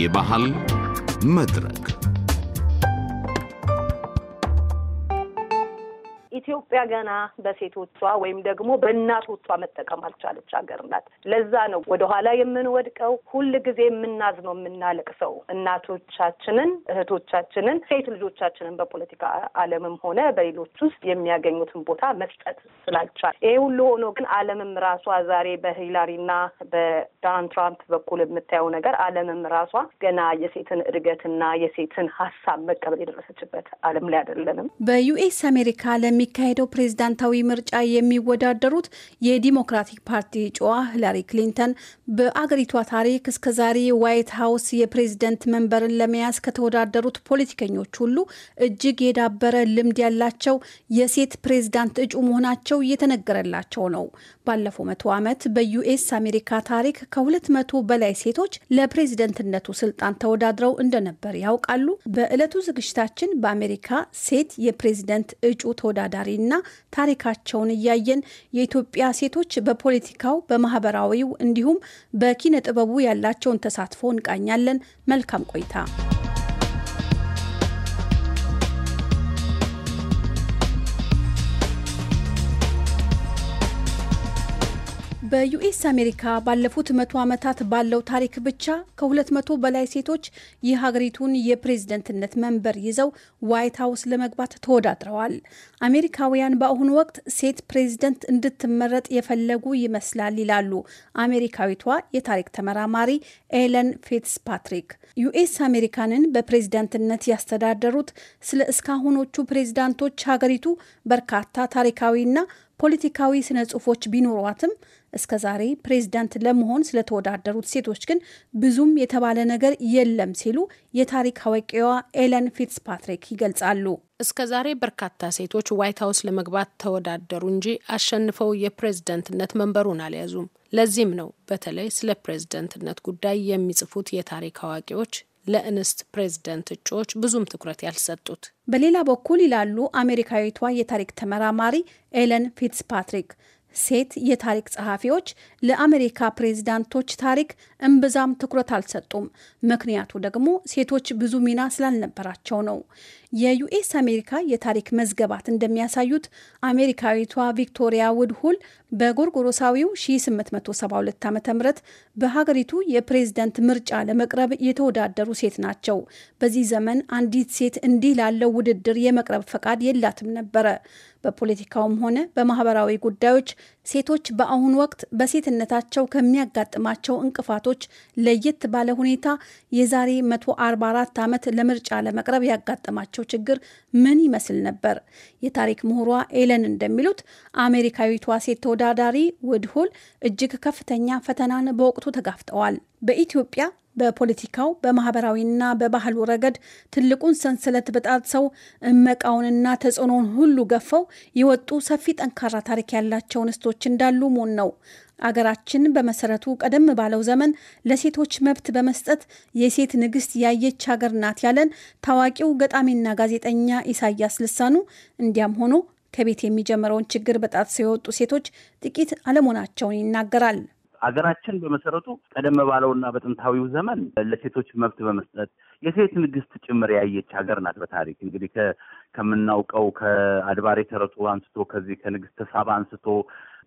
የባህል መድረክ ኢትዮጵያ ገና በሴቶቿ ወይም ደግሞ በእናቶቿ መጠቀም አልቻለች ሀገር ናት። ለዛ ነው ወደኋላ የምንወድቀው፣ ሁል ጊዜ የምናዝነው፣ የምናለቅሰው እናቶቻችንን፣ እህቶቻችንን፣ ሴት ልጆቻችንን በፖለቲካ ዓለምም ሆነ በሌሎች ውስጥ የሚያገኙትን ቦታ መስጠት ስላልቻል። ይሄ ሁሉ ሆኖ ግን ዓለምም ራሷ ዛሬ በሂላሪና በዶናልድ ትራምፕ በኩል የምታየው ነገር ዓለምም ራሷ ገና የሴትን እድገትና የሴትን ሀሳብ መቀበል የደረሰችበት ዓለም ላይ አይደለንም። በዩኤስ አሜሪካ ለሚካ በሚካሄደው ፕሬዝዳንታዊ ምርጫ የሚወዳደሩት የዲሞክራቲክ ፓርቲ እጩዋ ሂላሪ ክሊንተን በአገሪቷ ታሪክ እስከዛሬ ዋይት ሀውስ የፕሬዝደንት መንበርን ለመያዝ ከተወዳደሩት ፖለቲከኞች ሁሉ እጅግ የዳበረ ልምድ ያላቸው የሴት ፕሬዝዳንት እጩ መሆናቸው እየተነገረላቸው ነው። ባለፈው መቶ ዓመት በዩኤስ አሜሪካ ታሪክ ከሁለት መቶ በላይ ሴቶች ለፕሬዝደንትነቱ ስልጣን ተወዳድረው እንደነበር ያውቃሉ። በዕለቱ ዝግጅታችን በአሜሪካ ሴት የፕሬዝደንት እጩ ተወዳዳሪ ባህሪና ታሪካቸውን እያየን የኢትዮጵያ ሴቶች በፖለቲካው በማህበራዊው እንዲሁም በኪነ ጥበቡ ያላቸውን ተሳትፎ እንቃኛለን። መልካም ቆይታ። በዩኤስ አሜሪካ ባለፉት መቶ ዓመታት ባለው ታሪክ ብቻ ከ200 በላይ ሴቶች የሀገሪቱን የፕሬዝደንትነት መንበር ይዘው ዋይት ሀውስ ለመግባት ተወዳድረዋል። አሜሪካውያን በአሁኑ ወቅት ሴት ፕሬዝደንት እንድትመረጥ የፈለጉ ይመስላል ይላሉ አሜሪካዊቷ የታሪክ ተመራማሪ ኤለን ፊትስ ፓትሪክ። ዩኤስ አሜሪካንን በፕሬዝደንትነት ያስተዳደሩት ስለ እስካሁኖቹ ፕሬዝዳንቶች ሀገሪቱ በርካታ ታሪካዊና ፖለቲካዊ ስነ ጽሁፎች ቢኖሯትም እስከ ዛሬ ፕሬዚዳንት ለመሆን ስለተወዳደሩት ሴቶች ግን ብዙም የተባለ ነገር የለም ሲሉ የታሪክ አዋቂዋ ኤለን ፊትስ ፓትሪክ ይገልጻሉ። እስከ ዛሬ በርካታ ሴቶች ዋይት ሀውስ ለመግባት ተወዳደሩ እንጂ አሸንፈው የፕሬዝደንትነት መንበሩን አልያዙም። ለዚህም ነው በተለይ ስለ ፕሬዝደንትነት ጉዳይ የሚጽፉት የታሪክ አዋቂዎች ለእንስት ፕሬዝደንት እጩዎች ብዙም ትኩረት ያልሰጡት። በሌላ በኩል ይላሉ አሜሪካዊቷ የታሪክ ተመራማሪ ኤለን ፊትስፓትሪክ ሴት የታሪክ ጸሐፊዎች ለአሜሪካ ፕሬዝዳንቶች ታሪክ እምብዛም ትኩረት አልሰጡም። ምክንያቱ ደግሞ ሴቶች ብዙ ሚና ስላልነበራቸው ነው። የዩኤስ አሜሪካ የታሪክ መዝገባት እንደሚያሳዩት አሜሪካዊቷ ቪክቶሪያ ውድሁል በጎርጎሮሳዊው 1872 ዓ ም በሀገሪቱ የፕሬዝደንት ምርጫ ለመቅረብ የተወዳደሩ ሴት ናቸው። በዚህ ዘመን አንዲት ሴት እንዲህ ላለው ውድድር የመቅረብ ፈቃድ የላትም ነበረ። በፖለቲካውም ሆነ በማህበራዊ ጉዳዮች ሴቶች በአሁኑ ወቅት በሴትነታቸው ከሚያጋጥማቸው እንቅፋቶች ለየት ባለ ሁኔታ የዛሬ 144 ዓመት ለምርጫ ለመቅረብ ያጋጠማቸው ችግር ምን ይመስል ነበር? የታሪክ ምሁሯ ኤለን እንደሚሉት አሜሪካዊቷ ሴት ተወዳዳሪ ውድሁል እጅግ ከፍተኛ ፈተናን በወቅቱ ተጋፍጠዋል። በኢትዮጵያ በፖለቲካው በማህበራዊና በባህሉ ረገድ ትልቁን ሰንሰለት በጣጥሰው እመቃውንና ተጽዕኖውን ሁሉ ገፈው የወጡ ሰፊ ጠንካራ ታሪክ ያላቸውን እንስቶች እንዳሉ ሙን ነው። አገራችን በመሰረቱ ቀደም ባለው ዘመን ለሴቶች መብት በመስጠት የሴት ንግስት ያየች ሀገር ናት ያለን ታዋቂው ገጣሚና ጋዜጠኛ ኢሳያስ ልሳኑ፣ እንዲያም ሆኖ ከቤት የሚጀምረውን ችግር በጣት የወጡ ሴቶች ጥቂት አለመሆናቸውን ይናገራል። አገራችን በመሰረቱ ቀደም ባለውና በጥንታዊው ዘመን ለሴቶች መብት በመስጠት የሴት ንግስት ጭምር ያየች ሀገር ናት። በታሪክ እንግዲህ ከምናውቀው ከአድባሬ ተረቱ አንስቶ ከዚህ ከንግስት ሳባ አንስቶ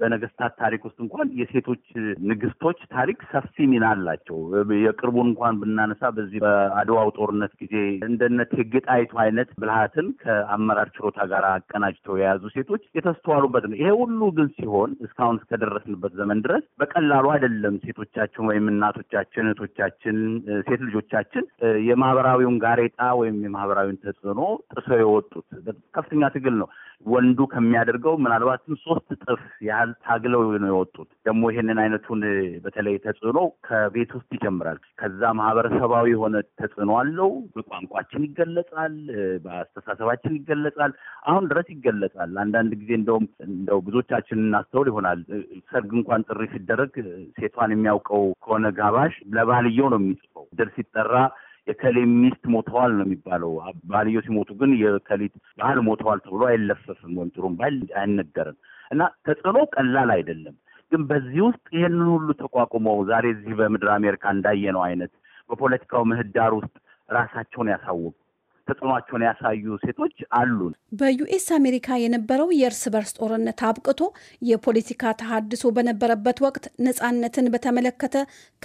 በነገስታት ታሪክ ውስጥ እንኳን የሴቶች ንግስቶች ታሪክ ሰፊ ሚና አላቸው። የቅርቡን እንኳን ብናነሳ በዚህ በአድዋው ጦርነት ጊዜ እንደነ እቴጌ ጣይቱ አይነት ብልሃትን ከአመራር ችሎታ ጋር አቀናጅተው የያዙ ሴቶች የተስተዋሉበት ነው። ይሄ ሁሉ ግን ሲሆን እስካሁን እስከደረስንበት ዘመን ድረስ በቀላሉ አይደለም። ሴቶቻችን ወይም እናቶቻችን፣ እህቶቻችን፣ ሴት ልጆቻችን የማህበራዊውን ጋሬጣ ወይም የማህበራዊውን ተጽዕኖ ጥሰው የወጡት ከፍተኛ ትግል ነው። ወንዱ ከሚያደርገው ምናልባትም ሶስት እጥፍ ያህል ለስልጣን ታግለው ነው የወጡት። ደግሞ ይህንን አይነቱን በተለይ ተጽዕኖ ከቤት ውስጥ ይጀምራል። ከዛ ማህበረሰባዊ የሆነ ተጽዕኖ አለው። በቋንቋችን ይገለጻል፣ በአስተሳሰባችን ይገለጻል፣ አሁን ድረስ ይገለጻል። አንዳንድ ጊዜ እንደውም እንደው ብዙዎቻችን እናስተውል ይሆናል። ሰርግ እንኳን ጥሪ ሲደረግ ሴቷን የሚያውቀው ከሆነ ጋባዥ ለባልየው ነው የሚጽፈው። ድር ሲጠራ የከሌ ሚስት ሞተዋል ነው የሚባለው። ባልየው ሲሞቱ ግን የከሊት ባህል ሞተዋል ተብሎ አይለፈፍም ወይም ባል አይነገርም። እና ተጽዕኖ ቀላል አይደለም። ግን በዚህ ውስጥ ይህንን ሁሉ ተቋቁመው ዛሬ እዚህ በምድር አሜሪካ እንዳየነው አይነት በፖለቲካው ምህዳር ውስጥ ራሳቸውን ያሳወቁ ተጽዕኖቸውን ያሳዩ ሴቶች አሉ። በዩኤስ አሜሪካ የነበረው የእርስ በርስ ጦርነት አብቅቶ የፖለቲካ ተሃድሶ በነበረበት ወቅት ነፃነትን በተመለከተ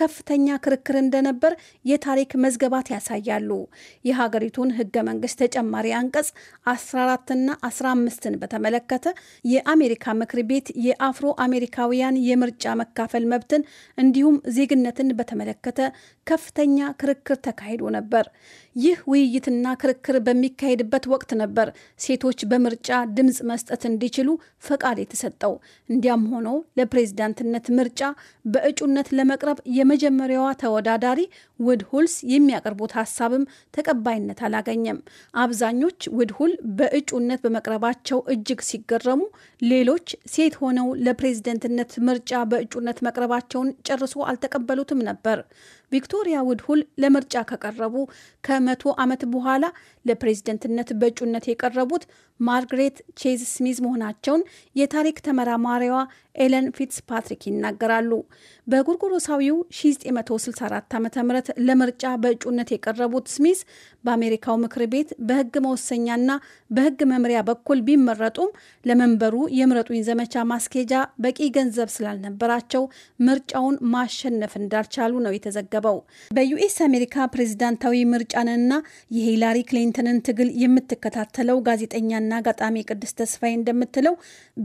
ከፍተኛ ክርክር እንደነበር የታሪክ መዝገባት ያሳያሉ። የሀገሪቱን ህገ መንግስት ተጨማሪ አንቀጽ 14ና 15ን በተመለከተ የአሜሪካ ምክር ቤት የአፍሮ አሜሪካውያን የምርጫ መካፈል መብትን እንዲሁም ዜግነትን በተመለከተ ከፍተኛ ክርክር ተካሂዶ ነበር። ይህ ውይይትና ክርክር በሚካሄድበት ወቅት ነበር ሴቶች በምርጫ ድምፅ መስጠት እንዲችሉ ፈቃድ የተሰጠው። እንዲያም ሆኖ ለፕሬዝዳንትነት ምርጫ በእጩነት ለመቅረብ የመጀመሪያዋ ተወዳዳሪ ውድሁልስ የሚያቀርቡት ሀሳብም ተቀባይነት አላገኘም። አብዛኞች ውድሁል በእጩነት በመቅረባቸው እጅግ ሲገረሙ፣ ሌሎች ሴት ሆነው ለፕሬዝደንትነት ምርጫ በእጩነት መቅረባቸውን ጨርሶ አልተቀበሉትም ነበር። ቪክቶሪያ ውድሁል ለምርጫ ከቀረቡ ከመቶ ዓመት በኋላ ለፕሬዝደንትነት በእጩነት የቀረቡት ማርግሬት ቼዝ ስሚዝ መሆናቸውን የታሪክ ተመራማሪዋ ኤለን ፊትስ ፓትሪክ ይናገራሉ። በጉርጉሮሳዊው 1964 ዓ ም ለምርጫ በእጩነት የቀረቡት ስሚስ በአሜሪካው ምክር ቤት በህግ መወሰኛና በህግ መምሪያ በኩል ቢመረጡም ለመንበሩ የምረጡኝ ዘመቻ ማስኬጃ በቂ ገንዘብ ስላልነበራቸው ምርጫውን ማሸነፍ እንዳልቻሉ ነው የተዘገበው። በዩኤስ አሜሪካ ፕሬዚዳንታዊ ምርጫንና የሂላሪ ክሊንተንን ትግል የምትከታተለው ጋዜጠኛና ጋጣሚ ቅድስት ተስፋዬ እንደምትለው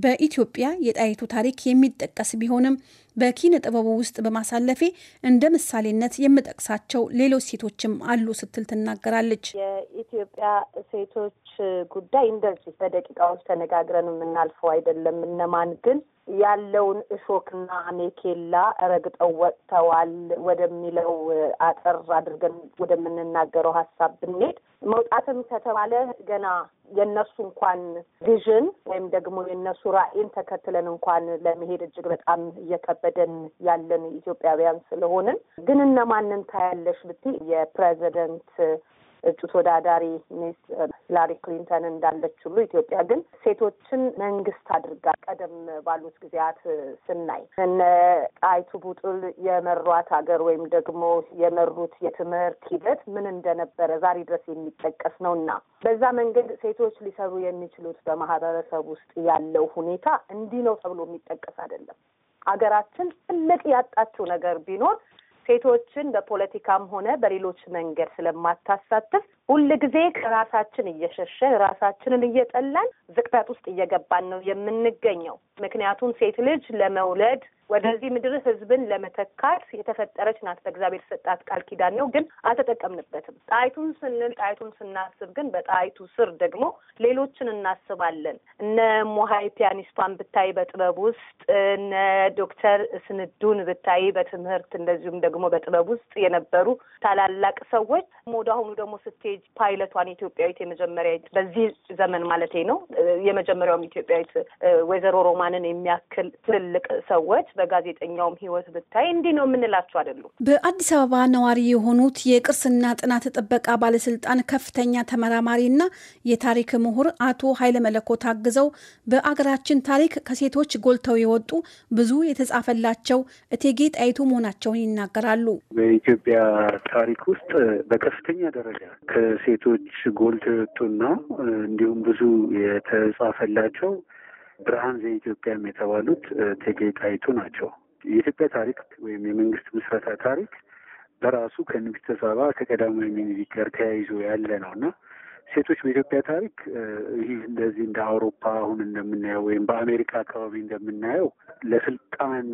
በኢትዮጵያ የጣይቱ ታሪክ የሚጠቀስ ቢሆንም በኪነ ጥበቡ ውስጥ በማሳለፌ እንደ ምሳሌነት የምጠቅሳቸው ሌሎች ሴቶችም አሉ ስትል ትናገራል። ትገኛለች። የኢትዮጵያ ሴቶች ጉዳይ እንደዚህ በደቂቃዎች ተነጋግረን የምናልፈው አይደለም። እነማን ግን ያለውን እሾክና ሜኬላ ረግጠው ወጥተዋል ወደሚለው አጠር አድርገን ወደምንናገረው ሀሳብ ብንሄድ መውጣትም ከተባለ ገና የእነሱ እንኳን ቪዥን ወይም ደግሞ የእነሱ ራዕይን ተከትለን እንኳን ለመሄድ እጅግ በጣም እየከበደን ያለን ኢትዮጵያውያን ስለሆንን ግን እነማንን ታያለሽ ብትይ የፕሬዚደንት እጩ ተወዳዳሪ ሚስ ሂላሪ ክሊንተን እንዳለች ሁሉ ኢትዮጵያ ግን ሴቶችን መንግስት አድርጋ ቀደም ባሉት ጊዜያት ስናይ እነ ጣይቱ ቡጡል የመሯት ሀገር ወይም ደግሞ የመሩት የትምህርት ሂደት ምን እንደነበረ ዛሬ ድረስ የሚጠቀስ ነው እና በዛ መንገድ ሴቶች ሊሰሩ የሚችሉት በማህበረሰብ ውስጥ ያለው ሁኔታ እንዲህ ነው ተብሎ የሚጠቀስ አይደለም። ሀገራችን ትልቅ ያጣችው ነገር ቢኖር ሴቶችን በፖለቲካም ሆነ በሌሎች መንገድ ስለማታሳትፍ ጊዜ ከራሳችን እየሸሸን ራሳችንን እየጠላን ዝቅጠት ውስጥ እየገባን ነው የምንገኘው። ምክንያቱም ሴት ልጅ ለመውለድ ወደዚህ ምድር ህዝብን ለመተካት የተፈጠረች ናት። በእግዚአብሔር ሰጣት ቃል ኪዳን ነው፣ ግን አልተጠቀምንበትም። ጣይቱን ስንል ጣይቱን ስናስብ ግን በጣይቱ ስር ደግሞ ሌሎችን እናስባለን። እነ ሞሀይ ፒያኒስቷን ብታይ በጥበብ ውስጥ እነ ዶክተር ስንዱን ብታይ በትምህርት እንደዚሁም ደግሞ በጥበብ ውስጥ የነበሩ ታላላቅ ሰዎች ወደ አሁኑ ደግሞ ስቴጅ ፓይለቷን ኢትዮጵያዊት የመጀመሪያ በዚህ ዘመን ማለት ነው የመጀመሪያውም ኢትዮጵያዊት ወይዘሮ ሮማንን የሚያክል ትልልቅ ሰዎች በጋዜጠኛውም ህይወት ብታይ እንዲህ ነው የምንላቸው አይደሉም። በአዲስ አበባ ነዋሪ የሆኑት የቅርስና ጥናት ጥበቃ ባለስልጣን ከፍተኛ ተመራማሪና የታሪክ ምሁር አቶ ኃይለ መለኮ ታግዘው በአገራችን ታሪክ ከሴቶች ጎልተው የወጡ ብዙ የተጻፈላቸው እቴጌ ጣይቱ መሆናቸውን ይናገራሉ። በኢትዮጵያ ታሪክ ውስጥ በከፍተኛ ደረጃ ከሴቶች ጎልተው የወጡና እንዲሁም ብዙ የተጻፈላቸው ብርሃን ዘኢትዮጵያም የተባሉት እቴጌ ጣይቱ ናቸው። የኢትዮጵያ ታሪክ ወይም የመንግስት ምስረታ ታሪክ በራሱ ከንግስተ ሳባ ከቀዳማዊ ምኒልክ ጋር ተያይዞ ያለ ነው እና ሴቶች በኢትዮጵያ ታሪክ ይህ እንደዚህ እንደ አውሮፓ አሁን እንደምናየው ወይም በአሜሪካ አካባቢ እንደምናየው ለስልጣን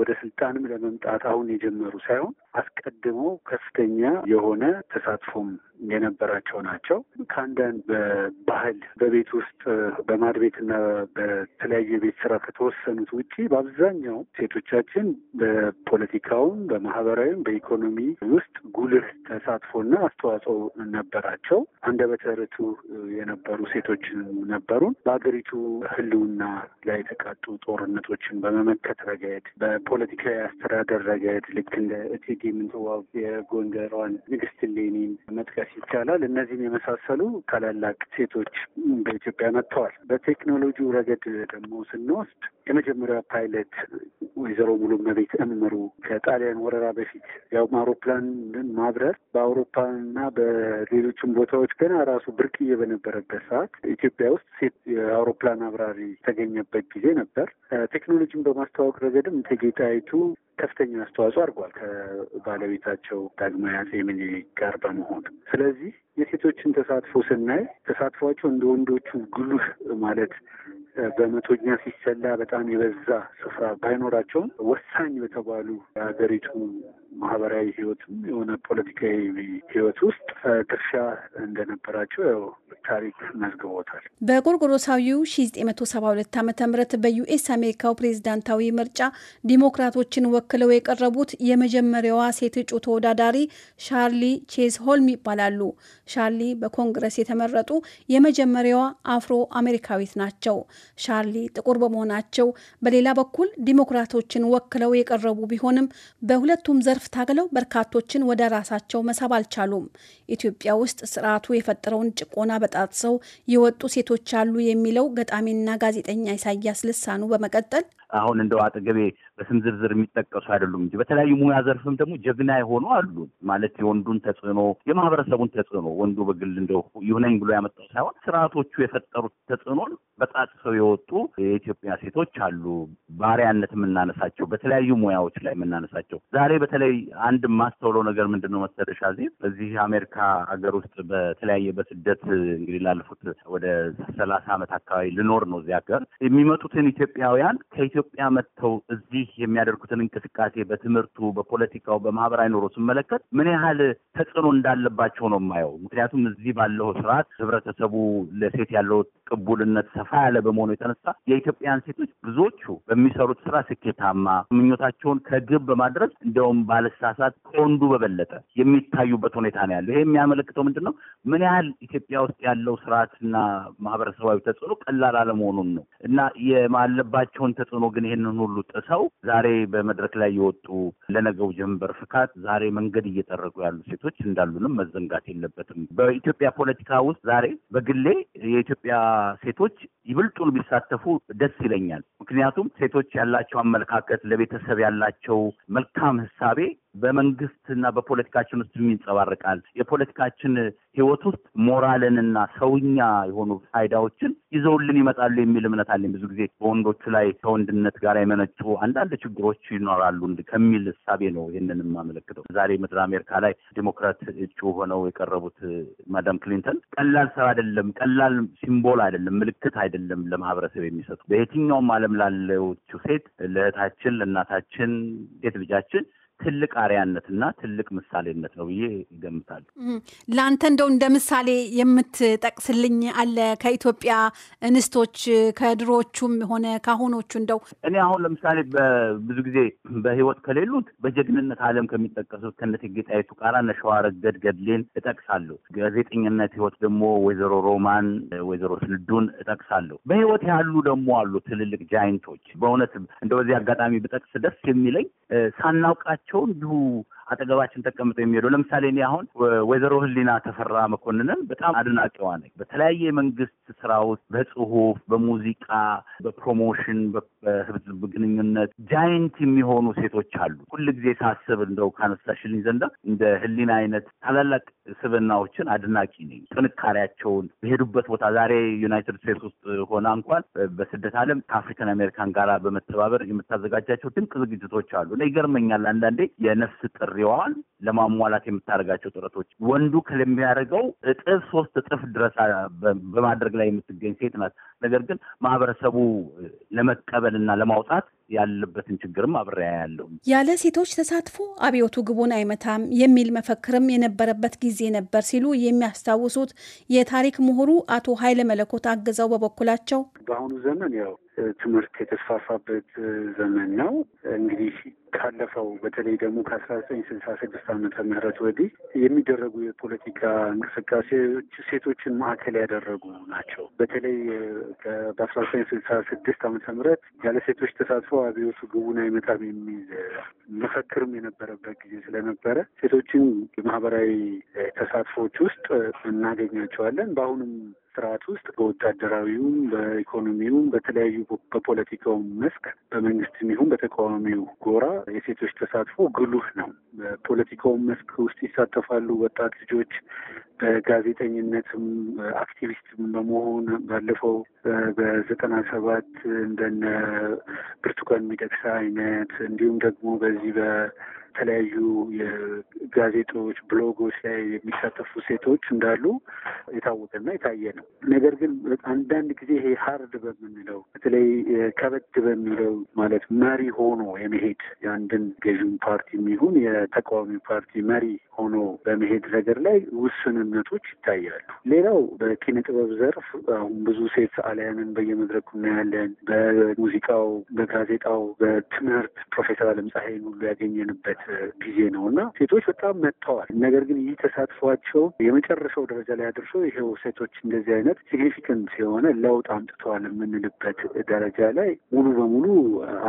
ወደ ስልጣንም ለመምጣት አሁን የጀመሩ ሳይሆን አስቀድሞ ከፍተኛ የሆነ ተሳትፎም የነበራቸው ናቸው። ከአንዳንድ በባህል በቤት ውስጥ በማድ ቤትና በተለያዩ የቤት ስራ ከተወሰኑት ውጪ በአብዛኛው ሴቶቻችን በፖለቲካውም፣ በማህበራዊም፣ በኢኮኖሚ ውስጥ ጉልህ ተሳትፎና አስተዋጽኦ ነበራቸው። አንደበተ ርቱዕ የነበሩ ሴቶች ነበሩን። በሀገሪቱ ህልውና ላይ የተቃጡ ጦርነቶችን በመመከት ረገድ፣ በፖለቲካዊ አስተዳደር ረገድ ልክ እንደ የምንጽዋው የጎንደሯን ንግስት ሌኒን መጥቀስ ይቻላል። እነዚህም የመሳሰሉ ታላላቅ ሴቶች በኢትዮጵያ መጥተዋል። በቴክኖሎጂው ረገድ ደግሞ ስንወስድ የመጀመሪያ ፓይለት ወይዘሮ መቤት እምሩ ከጣሊያን ወረራ በፊት ያው አውሮፕላን ማብረር በአውሮፓና በሌሎችም ቦታዎች ገና ራሱ ብርቅዬ በነበረበት ሰዓት ኢትዮጵያ ውስጥ ሴት የአውሮፕላን አብራሪ የተገኘበት ጊዜ ነበር። ቴክኖሎጂን በማስተዋወቅ ረገድም እቴጌ ጣይቱ ከፍተኛ አስተዋጽኦ አድርጓል ከባለቤታቸው ዳግማዊ አጼ ምኒልክ ጋር በመሆን። ስለዚህ የሴቶችን ተሳትፎ ስናይ ተሳትፏቸው እንደ ወንዶቹ ጉልህ ማለት በመቶኛ ሲሰላ በጣም የበዛ ስፍራ ባይኖራቸውም ወሳኝ በተባሉ የሀገሪቱ ማህበራዊ ህይወትም የሆነ ፖለቲካዊ ህይወት ውስጥ ድርሻ እንደነበራቸው ያው ታሪክ መዝግቦታል። በጎርጎሮሳዊው 1972 ዓ.ም በዩኤስ አሜሪካው ፕሬዚዳንታዊ ምርጫ ዲሞክራቶችን ወክለው የቀረቡት የመጀመሪያዋ ሴት እጩ ተወዳዳሪ ሻርሊ ቼዝ ሆልም ይባላሉ። ሻርሊ በኮንግረስ የተመረጡ የመጀመሪያዋ አፍሮ አሜሪካዊት ናቸው። ሻርሊ ጥቁር በመሆናቸው በሌላ በኩል ዲሞክራቶችን ወክለው የቀረቡ ቢሆንም በሁለቱም ዘርፍ ዘርፍ ታግለው በርካቶችን ወደ ራሳቸው መሳብ አልቻሉም። ኢትዮጵያ ውስጥ ስርዓቱ የፈጠረውን ጭቆና በጣጥሰው የወጡ ሴቶች አሉ የሚለው ገጣሚና ጋዜጠኛ ኢሳያስ ልሳኑ በመቀጠል አሁን እንደው አጠገቤ በስም ዝርዝር የሚጠቀሱ አይደሉም እንጂ በተለያዩ ሙያ ዘርፍም ደግሞ ጀግና የሆኑ አሉ። ማለት የወንዱን ተጽዕኖ፣ የማህበረሰቡን ተጽዕኖ ወንዱ በግል እንደው ይሁነኝ ብሎ ያመጣው ሳይሆን ስርዓቶቹ የፈጠሩት ተጽዕኖን በጣጥሰው የወጡ የኢትዮጵያ ሴቶች አሉ። ባሪያነት የምናነሳቸው በተለያዩ ሙያዎች ላይ የምናነሳቸው ዛሬ በተለይ አንድ የማስተውለው ነገር ምንድን ነው መሰለሽ አዜብ፣ አሜሪካ ሀገር ውስጥ በተለያየ በስደት እንግዲህ ላለፉት ወደ ሰላሳ ዓመት አካባቢ ልኖር ነው እዚህ ሀገር የሚመጡትን ኢትዮጵያውያን ከኢትዮ ኢትዮጵያ መጥተው እዚህ የሚያደርጉትን እንቅስቃሴ በትምህርቱ፣ በፖለቲካው፣ በማህበራዊ ኑሮ ስመለከት ምን ያህል ተጽዕኖ እንዳለባቸው ነው የማየው። ምክንያቱም እዚህ ባለው ስርዓት ህብረተሰቡ ለሴት ያለው ቅቡልነት ሰፋ ያለ በመሆኑ የተነሳ የኢትዮጵያን ሴቶች ብዙዎቹ በሚሰሩት ስራ ስኬታማ ምኞታቸውን ከግብ በማድረስ እንዲያውም ባለሳሳት ከወንዱ በበለጠ የሚታዩበት ሁኔታ ነው ያለው። ይሄ የሚያመለክተው ምንድን ነው? ምን ያህል ኢትዮጵያ ውስጥ ያለው ስርዓትና ማህበረሰባዊ ተጽዕኖ ቀላል አለመሆኑን ነው እና የማለባቸውን ተጽዕኖ ግን ይህንን ሁሉ ጥሰው ዛሬ በመድረክ ላይ የወጡ ለነገው ጀንበር ፍካት ዛሬ መንገድ እየጠረጉ ያሉ ሴቶች እንዳሉንም መዘንጋት የለበትም። በኢትዮጵያ ፖለቲካ ውስጥ ዛሬ በግሌ የኢትዮጵያ ሴቶች ይብልጡን ቢሳተፉ ደስ ይለኛል። ምክንያቱም ሴቶች ያላቸው አመለካከት፣ ለቤተሰብ ያላቸው መልካም ህሳቤ በመንግስትና በፖለቲካችን ውስጥ ይንጸባረቃል። የፖለቲካችን ህይወት ውስጥ ሞራልንና ሰውኛ የሆኑ ፋይዳዎችን ይዘውልን ይመጣሉ የሚል እምነት አለኝ። ብዙ ጊዜ በወንዶቹ ላይ ከወንድነት ጋር የመነጩ አንዳንድ ችግሮች ይኖራሉ ከሚል እሳቤ ነው ይህንን የማመለክተው። ዛሬ ምድር አሜሪካ ላይ ዲሞክራት እጩ ሆነው የቀረቡት ማዳም ክሊንተን ቀላል ስራ አይደለም፣ ቀላል ሲምቦል አይደለም፣ ምልክት አይደለም ለማህበረሰብ የሚሰጡ በየትኛውም ዓለም ላለችው ሴት ለእህታችን፣ ለእናታችን፣ ሴት ልጃችን ትልቅ አርያነትና ትልቅ ምሳሌነት ነው ብዬ ይገምታሉ። ለአንተ እንደው እንደ ምሳሌ የምትጠቅስልኝ አለ? ከኢትዮጵያ እንስቶች ከድሮቹም ሆነ ካሁኖቹ እንደው እኔ አሁን ለምሳሌ ብዙ ጊዜ በህይወት ከሌሉት በጀግንነት ዓለም ከሚጠቀሱት ከነ እቴጌ ጣይቱ ቃራ እነ ሸዋረገድ ገድሌን እጠቅሳለሁ። ጋዜጠኝነት ህይወት ደግሞ ወይዘሮ ሮማን፣ ወይዘሮ ስልዱን እጠቅሳለሁ። በህይወት ያሉ ደግሞ አሉ ትልልቅ ጃይንቶች። በእውነት እንደው በዚህ አጋጣሚ ብጠቅስ ደስ የሚለኝ ሳናውቃቸው told do አጠገባችን ተቀምጠው የሚሄደው። ለምሳሌ እኔ አሁን ወይዘሮ ህሊና ተፈራ መኮንንን በጣም አድናቂዋ ነኝ። በተለያየ የመንግስት ስራ ውስጥ በጽሁፍ፣ በሙዚቃ፣ በፕሮሞሽን፣ በህዝብ ግንኙነት ጃይንት የሚሆኑ ሴቶች አሉ። ሁል ጊዜ ሳስብ እንደው ካነሳሽልኝ ዘንዳ እንደ ህሊና አይነት ታላላቅ ስብናዎችን አድናቂ ነኝ። ጥንካሬያቸውን በሄዱበት ቦታ ዛሬ ዩናይትድ ስቴትስ ውስጥ ሆና እንኳን በስደት ዓለም ከአፍሪካን አሜሪካን ጋር በመተባበር የምታዘጋጃቸው ድንቅ ዝግጅቶች አሉ እና ይገርመኛል አንዳንዴ የነፍስ ጥር ጥሪዋን ለማሟላት የምታደርጋቸው ጥረቶች ወንዱ ከለሚያደርገው እጥፍ ሶስት እጥፍ ድረስ በማድረግ ላይ የምትገኝ ሴት ናት። ነገር ግን ማህበረሰቡ ለመቀበልና ለማውጣት ያለበትን ችግርም አብሬ ያለሁ። ያለ ሴቶች ተሳትፎ አብዮቱ ግቡን አይመታም የሚል መፈክርም የነበረበት ጊዜ ነበር ሲሉ የሚያስታውሱት የታሪክ ምሁሩ አቶ ኃይለ መለኮት አግዘው በበኩላቸው በአሁኑ ዘመን ያው ትምህርት የተስፋፋበት ዘመን ነው። እንግዲህ ካለፈው በተለይ ደግሞ ከአስራ ዘጠኝ ስልሳ ስድስት ዓመተ ምህረት ወዲህ የሚደረጉ የፖለቲካ እንቅስቃሴዎች ሴቶችን ማዕከል ያደረጉ ናቸው። በተለይ በአስራ ዘጠኝ ስልሳ ስድስት ዓመተ ምህረት ያለ ሴቶች ተሳትፎ አብዮቱ ግቡን አይመጣም የሚል መፈክርም የነበረበት ጊዜ ስለነበረ ሴቶችን የማህበራዊ ተሳትፎዎች ውስጥ እናገኛቸዋለን። በአሁኑም ። ስርዓት ውስጥ በወታደራዊውም፣ በኢኮኖሚውም፣ በተለያዩ በፖለቲካውም መስክ በመንግስትም ይሁን በተቃዋሚው ጎራ የሴቶች ተሳትፎ ጉልህ ነው። በፖለቲካውም መስክ ውስጥ ይሳተፋሉ ወጣት ልጆች በጋዜጠኝነትም አክቲቪስትም በመሆን ባለፈው በዘጠና ሰባት እንደነ ብርቱካን ሚደቅሳ አይነት እንዲሁም ደግሞ በዚህ በ የተለያዩ የጋዜጦች፣ ብሎጎች ላይ የሚሳተፉ ሴቶች እንዳሉ የታወቀና የታየ ነው። ነገር ግን አንዳንድ ጊዜ ይሄ ሀርድ በምንለው በተለይ ከበድ በሚለው ማለት መሪ ሆኖ የመሄድ የአንድን ገዥም ፓርቲ የሚሆን የተቃዋሚ ፓርቲ መሪ ሆኖ በመሄድ ነገር ላይ ውስንነቶች ይታያሉ። ሌላው በኪነ ጥበብ ዘርፍ አሁን ብዙ ሴት ሰዓሊያንን በየመድረኩ እናያለን። በሙዚቃው፣ በጋዜጣው፣ በትምህርት ፕሮፌሰር ፀሐይን ሁሉ ያገኘንበት ጊዜ ነው እና ሴቶች በጣም መጥተዋል። ነገር ግን ይህ ተሳትፏቸው የመጨረሻው ደረጃ ላይ አድርሶ ይሄው ሴቶች እንደዚህ አይነት ሲግኒፊካንት የሆነ ለውጥ አምጥተዋል የምንልበት ደረጃ ላይ ሙሉ በሙሉ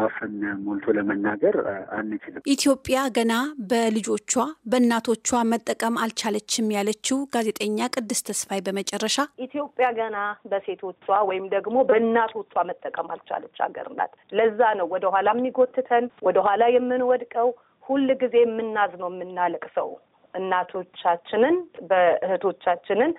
አፍን ሞልቶ ለመናገር አንችልም። ኢትዮጵያ ገና በልጆቿ በእናቶቿ መጠቀም አልቻለችም ያለችው ጋዜጠኛ ቅድስት ተስፋይ በመጨረሻ ኢትዮጵያ ገና በሴቶቿ ወይም ደግሞ በእናቶቿ መጠቀም አልቻለች ሀገር ናት። ለዛ ነው ወደኋላ የሚጎትተን ወደኋላ የምንወድቀው ሁል ጊዜ የምናዝነው የምናለቅሰው እናቶቻችንን በእህቶቻችንን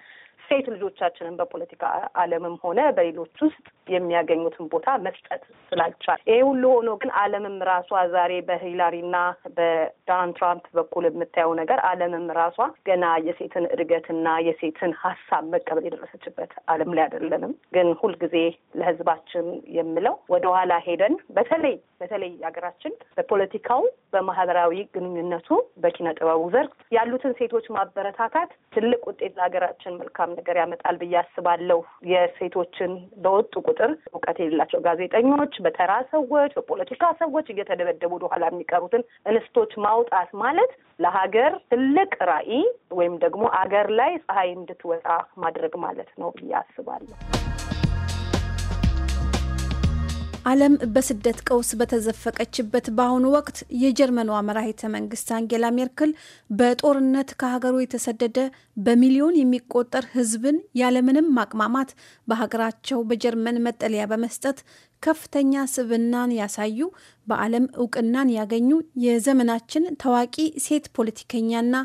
ሴት ልጆቻችንን በፖለቲካ ዓለምም ሆነ በሌሎች ውስጥ የሚያገኙትን ቦታ መስጠት ስላልቻል። ይሄ ሁሉ ሆኖ ግን ዓለምም ራሷ ዛሬ በሂላሪና በዶናልድ ትራምፕ በኩል የምታየው ነገር ዓለምም ራሷ ገና የሴትን እድገትና የሴትን ሀሳብ መቀበል የደረሰችበት ዓለም ላይ አይደለንም። ግን ሁልጊዜ ለህዝባችን የምለው ወደኋላ ሄደን በተለይ በተለይ ሀገራችን በፖለቲካው በማህበራዊ ግንኙነቱ በኪነ ጥበቡ ዘርፍ ያሉትን ሴቶች ማበረታታት ትልቅ ውጤት ለሀገራችን መልካም ነገር ያመጣል ብዬ አስባለሁ። የሴቶችን በወጡ ቁጥር እውቀት የሌላቸው ጋዜጠኞች፣ በተራ ሰዎች፣ በፖለቲካ ሰዎች እየተደበደቡ ወደኋላ የሚቀሩትን እንስቶች ማውጣት ማለት ለሀገር ትልቅ ራዕይ ወይም ደግሞ አገር ላይ ፀሐይ እንድትወጣ ማድረግ ማለት ነው ብዬ አስባለሁ። ዓለም በስደት ቀውስ በተዘፈቀችበት በአሁኑ ወቅት የጀርመኗ መራሄተ መንግስት አንጌላ ሜርክል በጦርነት ከሀገሩ የተሰደደ በሚሊዮን የሚቆጠር ሕዝብን ያለምንም ማቅማማት በሀገራቸው በጀርመን መጠለያ በመስጠት ከፍተኛ ስብናን ያሳዩ በዓለም እውቅናን ያገኙ የዘመናችን ታዋቂ ሴት ፖለቲከኛና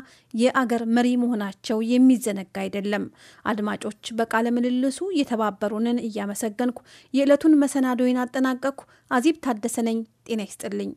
የአገር መሪ መሆናቸው የሚዘነጋ አይደለም። አድማጮች፣ በቃለ ምልልሱ የተባበሩንን እያመሰገንኩ የዕለቱን መሰናዶይን አጠናቀቅኩ። አዚብ ታደሰነኝ ጤና ይስጥልኝ።